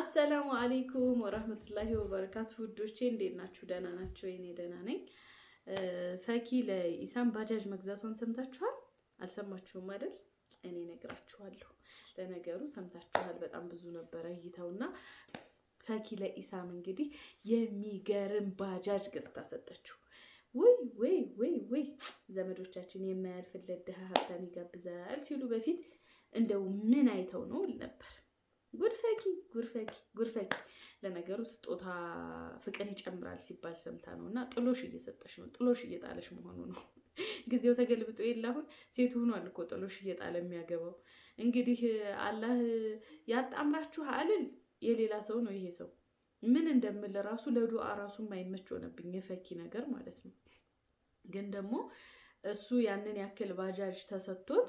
አሰላሙ አሌይኩም ወረህመቱላሂ ወበረካቱ ውዶቼ፣ እንዴት ናችሁ? ደህና ናቸው? የኔ ደህና ነኝ። ፈኪ ለኢሳም ባጃጅ መግዛቷን ሰምታችኋል? አልሰማችሁም አይደል? እኔ ነግራችኋለሁ። ለነገሩ ሰምታችኋል። በጣም ብዙ ነበረ እይተውና ፈኪ ለኢሳም እንግዲህ የሚገርም ባጃጅ ገዝታ ሰጠችው። ወይ ወይ ወይ ወይ ዘመዶቻችን የማያልፍለት ድሀ ሀብታም ይጋብዛል ሲሉ በፊት እንደው ምን አይተው ነው ነበር ጉድፈኪ ጉድፈኪ ጉድፈኪ። ለነገሩ ስጦታ ፍቅር ይጨምራል ሲባል ሰምታ ነው እና ጥሎሽ እየሰጠሽ ነው ጥሎሽ እየጣለሽ መሆኑ ነው። ጊዜው ተገልብጦ የለ አሁን ሴቱ ሆኗል እኮ ጥሎሽ እየጣለ የሚያገባው። እንግዲህ አላህ ያጣምራችሁ አልል የሌላ ሰው ነው ይሄ ሰው። ምን እንደምል ራሱ ለዱአ ራሱ የማይመች ሆነብኝ የፈኪ ነገር ማለት ነው። ግን ደግሞ እሱ ያንን ያክል ባጃጅ ተሰጥቶት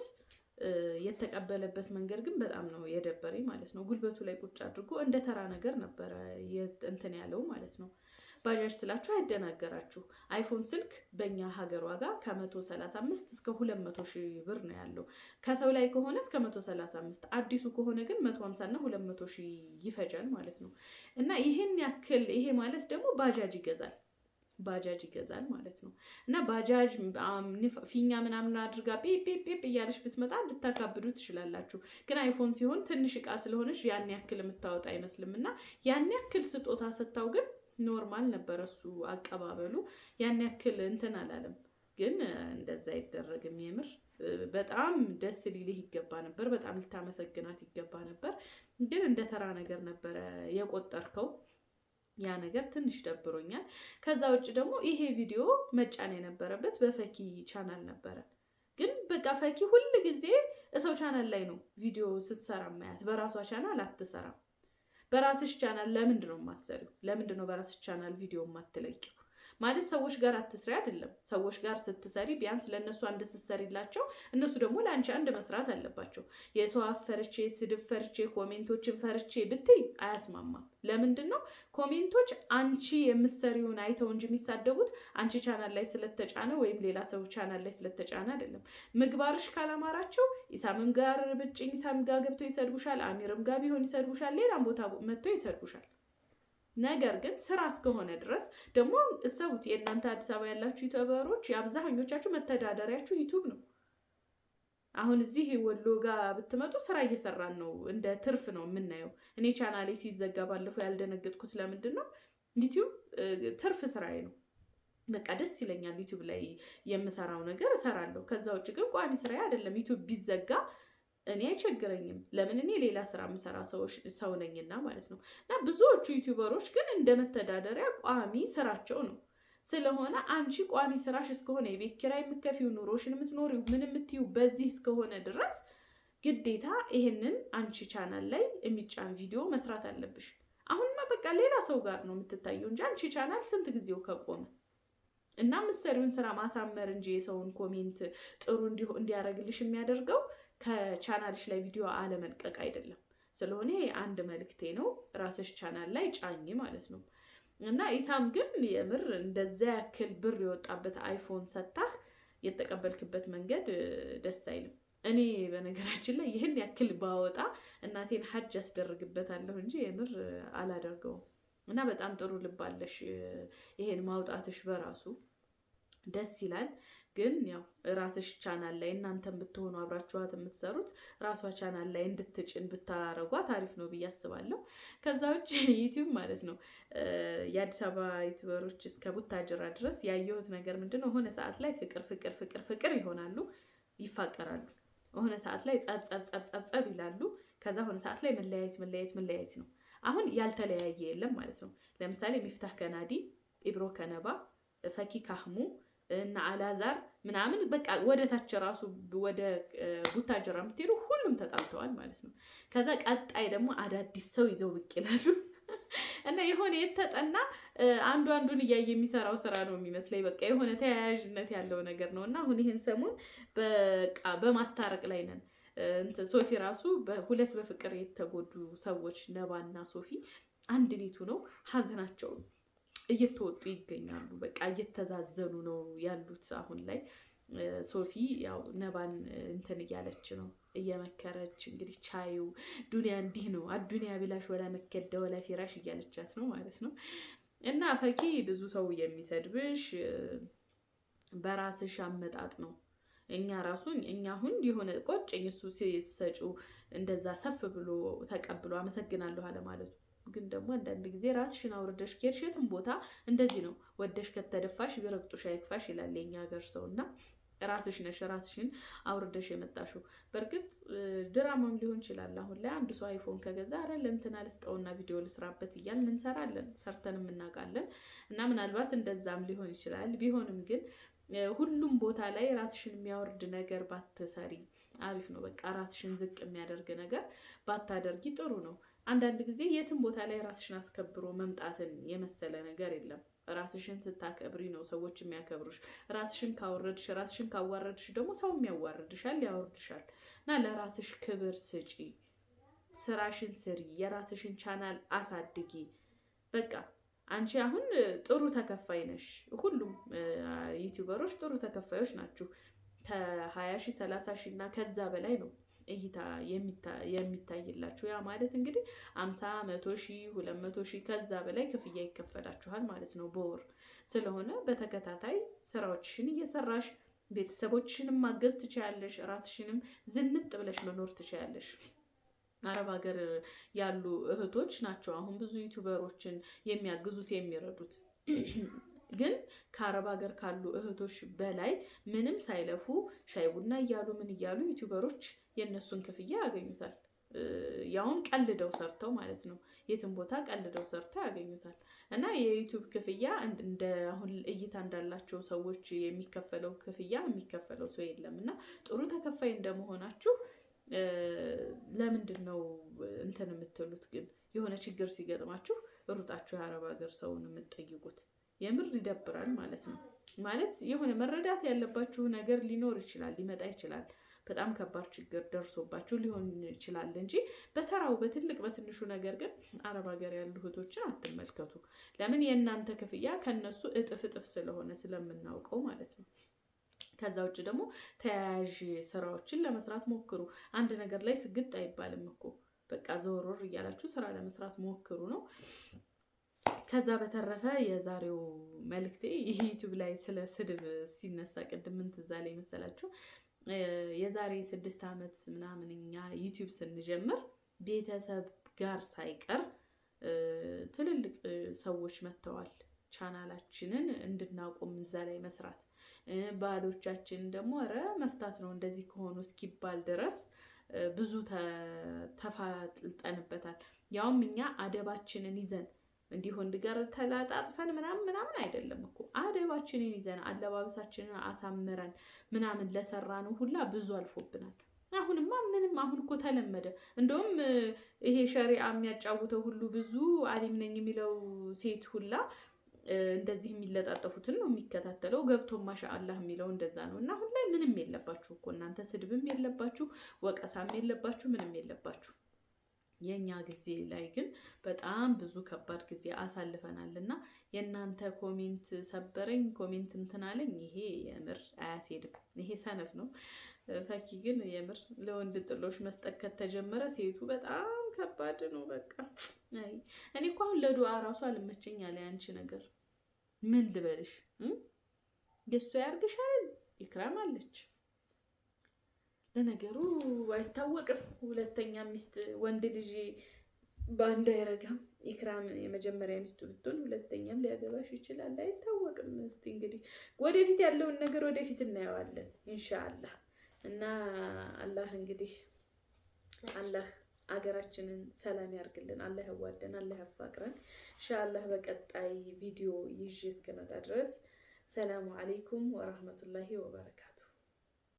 የተቀበለበት መንገድ ግን በጣም ነው የደበረኝ ማለት ነው። ጉልበቱ ላይ ቁጭ አድርጎ እንደ ተራ ነገር ነበረ እንትን ያለው ማለት ነው። ባጃጅ ስላችሁ አይደናገራችሁ። አይፎን ስልክ በእኛ ሀገር ዋጋ ከ135 እስከ 200 ሺህ ብር ነው ያለው። ከሰው ላይ ከሆነ እስከ 135፣ አዲሱ ከሆነ ግን 150 እና 200 ሺህ ይፈጃል ማለት ነው። እና ይህን ያክል ይሄ ማለት ደግሞ ባጃጅ ይገዛል ባጃጅ ይገዛል ማለት ነው። እና ባጃጅ ፊኛ ምናምን አድርጋ ጴጴጴ እያለች ብትመጣ ልታካብዱ ትችላላችሁ። ግን አይፎን ሲሆን ትንሽ እቃ ስለሆነች ያን ያክል የምታወጣ አይመስልም። እና ያን ያክል ስጦታ ሰጥታው ግን ኖርማል ነበረ እሱ አቀባበሉ። ያን ያክል እንትን አላለም። ግን እንደዛ አይደረግም። የምር በጣም ደስ ሊልህ ይገባ ነበር። በጣም ልታመሰግናት ይገባ ነበር። ግን እንደ ተራ ነገር ነበረ የቆጠርከው። ያ ነገር ትንሽ ደብሮኛል። ከዛ ውጭ ደግሞ ይሄ ቪዲዮ መጫን የነበረበት በፈኪ ቻናል ነበረ። ግን በቃ ፈኪ ሁል ጊዜ እሰው ቻናል ላይ ነው ቪዲዮ ስትሰራ ማያት፣ በራሷ ቻናል አትሰራም። በራስሽ ቻናል ለምንድን ነው የማትሰሪው? ለምንድን ነው በራስሽ ቻናል ቪዲዮ የማትለቂው? ማለት ሰዎች ጋር አትስሪ አይደለም። ሰዎች ጋር ስትሰሪ ቢያንስ ለእነሱ አንድ ስትሰሪላቸው፣ እነሱ ደግሞ ለአንቺ አንድ መስራት አለባቸው። የሰው አፍ ፈርቼ፣ ስድብ ፈርቼ፣ ኮሜንቶችን ፈርቼ ብትይ አያስማማም። ለምንድን ነው ኮሜንቶች አንቺ የምትሰሪውን አይተው እንጂ የሚሳደቡት አንቺ ቻናል ላይ ስለተጫነ ወይም ሌላ ሰው ቻናል ላይ ስለተጫነ አይደለም። ምግባርሽ ካላማራቸው ኢሳምም ጋር ብጭኝ፣ ኢሳም ጋር ገብተው ይሰድቡሻል፣ አሚርም ጋር ቢሆን ይሰድቡሻል፣ ሌላም ቦታ መጥቶ ይሰድቡሻል። ነገር ግን ስራ እስከሆነ ድረስ ደግሞ እሰቡት። የእናንተ አዲስ አበባ ያላችሁ ዩቱበሮች የአብዛኞቻችሁ መተዳደሪያችሁ ዩቱብ ነው። አሁን እዚህ ወሎ ጋር ብትመጡ ስራ እየሰራን ነው፣ እንደ ትርፍ ነው የምናየው። እኔ ቻናሌ ሲዘጋ ባለፈው ያልደነገጥኩት ለምንድን ነው? ዩቲዩብ ትርፍ ስራዬ ነው። በቃ ደስ ይለኛል ዩቲዩብ ላይ የምሰራው ነገር እሰራለሁ። ከዛ ውጭ ግን ቋሚ ስራዬ አይደለም። ዩቲዩብ ቢዘጋ እኔ አይቸግረኝም። ለምን እኔ ሌላ ስራ የምሰራ ሰው ነኝና ማለት ነው። እና ብዙዎቹ ዩቲዩበሮች ግን እንደ መተዳደሪያ ቋሚ ስራቸው ነው ስለሆነ አንቺ ቋሚ ስራሽ እስከሆነ የቤት ኪራይ የምከፊው ኑሮሽን የምትኖሪው ምን የምትዩ በዚህ እስከሆነ ድረስ ግዴታ ይሄንን አንቺ ቻናል ላይ የሚጫን ቪዲዮ መስራት አለብሽ። አሁንማ በቃ ሌላ ሰው ጋር ነው የምትታየው እንጂ አንቺ ቻናል ስንት ጊዜው ከቆመ እና ምሰሪውን ስራ ማሳመር እንጂ የሰውን ኮሜንት ጥሩ እንዲያደርግልሽ የሚያደርገው ከቻናልሽ ላይ ቪዲዮ አለመልቀቅ አይደለም። ስለሆነ አንድ መልክቴ ነው። ራስሽ ቻናል ላይ ጫኝ ማለት ነው። እና ኢሳም ግን የምር እንደዚያ ያክል ብር የወጣበት አይፎን ሰታህ የተቀበልክበት መንገድ ደስ አይልም። እኔ በነገራችን ላይ ይህን ያክል ባወጣ እናቴን ሀጅ ያስደርግበታለሁ እንጂ የምር አላደርገውም። እና በጣም ጥሩ ልብ ይሄን ማውጣትሽ በራሱ ደስ ይላል። ግን ያው ራስሽ ቻናል ላይ እናንተን ብትሆኑ አብራችኋት የምትሰሩት ራሷ ቻናል ላይ እንድትጭን ብታረጓት አሪፍ ነው ብዬ አስባለሁ። ከዛ ውጭ ዩቲዩብ ማለት ነው የአዲስ አበባ ዩቲዩበሮች እስከ ቡታጅራ ድረስ ያየሁት ነገር ምንድን ነው? የሆነ ሰዓት ላይ ፍቅር ፍቅር ፍቅር ፍቅር ይሆናሉ፣ ይፋቀራሉ። የሆነ ሰዓት ላይ ጸብጸብጸብጸብጸብ ይላሉ። ከዛ የሆነ ሰዓት ላይ መለያየት መለያየት መለያየት ነው። አሁን ያልተለያየ የለም ማለት ነው። ለምሳሌ ሚፍታህ ከናዲ፣ ኢብሮ ከነባ፣ ፈኪ ካህሙ እና አላዛር ምናምን በቃ ወደ ታች ራሱ ወደ ቡታጀራ የምትሄዱ ሁሉም ተጣልተዋል ማለት ነው። ከዛ ቀጣይ ደግሞ አዳዲስ ሰው ይዘው ብቅ ይላሉ እና የሆነ የተጠና አንዱ አንዱን እያየ የሚሰራው ስራ ነው የሚመስለኝ። በቃ የሆነ ተያያዥነት ያለው ነገር ነው እና አሁን ይህን ሰሞን በቃ በማስታረቅ ላይ ነን። ሶፊ ራሱ በሁለት በፍቅር የተጎዱ ሰዎች ነባና ሶፊ አንድ ቤቱ ነው ሀዘናቸውን እየተወጡ ይገኛሉ። በቃ እየተዛዘኑ ነው ያሉት አሁን ላይ ሶፊ ያው ነባን እንትን እያለች ነው እየመከረች እንግዲህ ቻዩ ዱኒያ እንዲህ ነው አዱኒያ ቢላሽ ወላ መከደ ወላ ፊራሽ እያለቻት ነው ማለት ነው። እና ፈኪ ብዙ ሰው የሚሰድብሽ በራስሽ አመጣጥ ነው። እኛ ራሱ እኛ አሁን የሆነ ቆጭኝ እሱ ሲሰጩ እንደዛ ሰፍ ብሎ ተቀብሎ አመሰግናለሁ አለማለቱ ግን ደግሞ አንዳንድ ጊዜ ራስሽን አውርደሽ ከሄድሽ የትም ቦታ እንደዚህ ነው። ወደሽ ከተደፋሽ ቢረግጡሽ አይክፋሽ ይላል የኛ ሀገር ሰው እና ራስሽ ነሽ ራስሽን አውርደሽ የመጣሽው። በእርግጥ ድራማም ሊሆን ይችላል። አሁን ላይ አንድ ሰው አይፎን ከገዛ አረ ለእንትና ልስጠውና ቪዲዮ ልስራበት እያል እንሰራለን፣ ሰርተንም እናውቃለን። እና ምናልባት እንደዛም ሊሆን ይችላል። ቢሆንም ግን ሁሉም ቦታ ላይ ራስሽን የሚያወርድ ነገር ባትሰሪ አሪፍ ነው። በቃ ራስሽን ዝቅ የሚያደርግ ነገር ባታደርጊ ጥሩ ነው። አንዳንድ ጊዜ የትም ቦታ ላይ ራስሽን አስከብሮ መምጣትን የመሰለ ነገር የለም። ራስሽን ስታከብሪ ነው ሰዎች የሚያከብሩሽ። ራስሽን ካወረድሽ፣ ራስሽን ካዋረድሽ ደግሞ ሰው የሚያዋርድሻል ያወርድሻል። እና ለራስሽ ክብር ስጪ፣ ስራሽን ስሪ፣ የራስሽን ቻናል አሳድጊ። በቃ አንቺ አሁን ጥሩ ተከፋይ ነሽ። ሁሉም ዩቲዩበሮች ጥሩ ተከፋዮች ናችሁ። ከሀያ ሺ ሰላሳ ሺ እና ከዛ በላይ ነው እይታ የሚታይላችሁ ያ ማለት እንግዲህ አምሳ መቶ ሺህ ሁለት መቶ ሺህ ከዛ በላይ ክፍያ ይከፈላችኋል ማለት ነው በወር ስለሆነ በተከታታይ ስራዎችሽን እየሰራሽ ቤተሰቦችሽንም ማገዝ ትችያለሽ። ራስሽንም ዝንጥ ብለሽ መኖር ትችያለሽ። አረብ ሀገር ያሉ እህቶች ናቸው አሁን ብዙ ዩቱበሮችን የሚያግዙት የሚረዱት። ግን ከአረብ ሀገር ካሉ እህቶች በላይ ምንም ሳይለፉ ሻይ ቡና እያሉ ምን እያሉ ዩቲዩበሮች የእነሱን ክፍያ ያገኙታል። ያውም ቀልደው ሰርተው ማለት ነው። የትም ቦታ ቀልደው ሰርተው ያገኙታል። እና የዩቱብ ክፍያ እንደ አሁን እይታ እንዳላቸው ሰዎች የሚከፈለው ክፍያ የሚከፈለው ሰው የለም። እና ጥሩ ተከፋይ እንደመሆናችሁ ለምንድን ነው እንትን የምትሉት? ግን የሆነ ችግር ሲገጥማችሁ ሩጣችሁ የአረብ ሀገር ሰውን የምትጠይቁት? የምር ይደብራል ማለት ነው። ማለት የሆነ መረዳት ያለባችሁ ነገር ሊኖር ይችላል፣ ሊመጣ ይችላል። በጣም ከባድ ችግር ደርሶባችሁ ሊሆን ይችላል እንጂ በተራው በትልቅ በትንሹ ነገር ግን አረብ ሀገር ያሉ እህቶችን አትመልከቱ። ለምን የእናንተ ክፍያ ከነሱ እጥፍ እጥፍ ስለሆነ ስለምናውቀው ማለት ነው። ከዛ ውጭ ደግሞ ተያያዥ ስራዎችን ለመስራት ሞክሩ። አንድ ነገር ላይ ስግጥ አይባልም እኮ በቃ ዘወር እያላችሁ ስራ ለመስራት ሞክሩ ነው። ከዛ በተረፈ የዛሬው መልክቴ ዩቱብ ላይ ስለ ስድብ ሲነሳ ቅድም ምን ትዝ አለኝ መሰላችሁ? የዛሬ ስድስት ዓመት ምናምን እኛ ዩቱብ ስንጀምር ቤተሰብ ጋር ሳይቀር ትልልቅ ሰዎች መጥተዋል ቻናላችንን እንድናቆም እዛ ላይ መስራት ባህሎቻችን ደግሞ ኧረ መፍታት ነው እንደዚህ ከሆኑ እስኪባል ድረስ ብዙ ተፋጥልጠንበታል። ያውም እኛ አደባችንን ይዘን እንዲህ ወንድ ጋር ተላጣጥፈን ምናምን ምናምን አይደለም እኮ አደባችንን ይዘን አለባበሳችንን አሳምረን ምናምን ለሰራነው ሁላ ብዙ አልፎብናል። አሁንማ ምንም አሁን እኮ ተለመደ። እንደውም ይሄ ሸሪአ የሚያጫውተው ሁሉ ብዙ አሊም ነኝ የሚለው ሴት ሁላ እንደዚህ የሚለጣጠፉትን ነው የሚከታተለው። ገብቶ ማሻአላህ የሚለው እንደዛ ነው። እና አሁን ላይ ምንም የለባችሁ እኮ እናንተ ስድብም የለባችሁ፣ ወቀሳም የለባችሁ፣ ምንም የለባችሁ። የእኛ ጊዜ ላይ ግን በጣም ብዙ ከባድ ጊዜ አሳልፈናል እና የእናንተ ኮሜንት ሰበረኝ፣ ኮሜንት እንትናለኝ ይሄ የምር አያስሄድም። ይሄ ሰነፍ ነው። ፈኪ ግን የምር ለወንድ ጥሎሽ መስጠት ከተጀመረ ሴቱ በጣም ከባድ ነው። በቃ እኔ እኮ አሁን ለዱዓ ራሱ አልመቸኝ ያለ ያንቺ ነገር ምን ልበልሽ? የእሷ ያርግሻል ይክራም አለች ለነገሩ አይታወቅም። ሁለተኛ ሚስት ወንድ ልጅ በአንድ አይረጋም። ኢክራም የመጀመሪያ ሚስቱ ብትሆን ሁለተኛም ሊያገባሽ ይችላል። አይታወቅም። እስቲ እንግዲህ ወደፊት ያለውን ነገር ወደፊት እናየዋለን እንሻአላህ እና አላህ እንግዲህ አላህ አገራችንን ሰላም ያርግልን። አላህ ያዋደን፣ አላህ ያፋቅረን። እንሻአላህ በቀጣይ ቪዲዮ ይዤ እስከመጣ ድረስ ሰላሙ አሌይኩም ወራህመቱላሂ ወበረካቱ።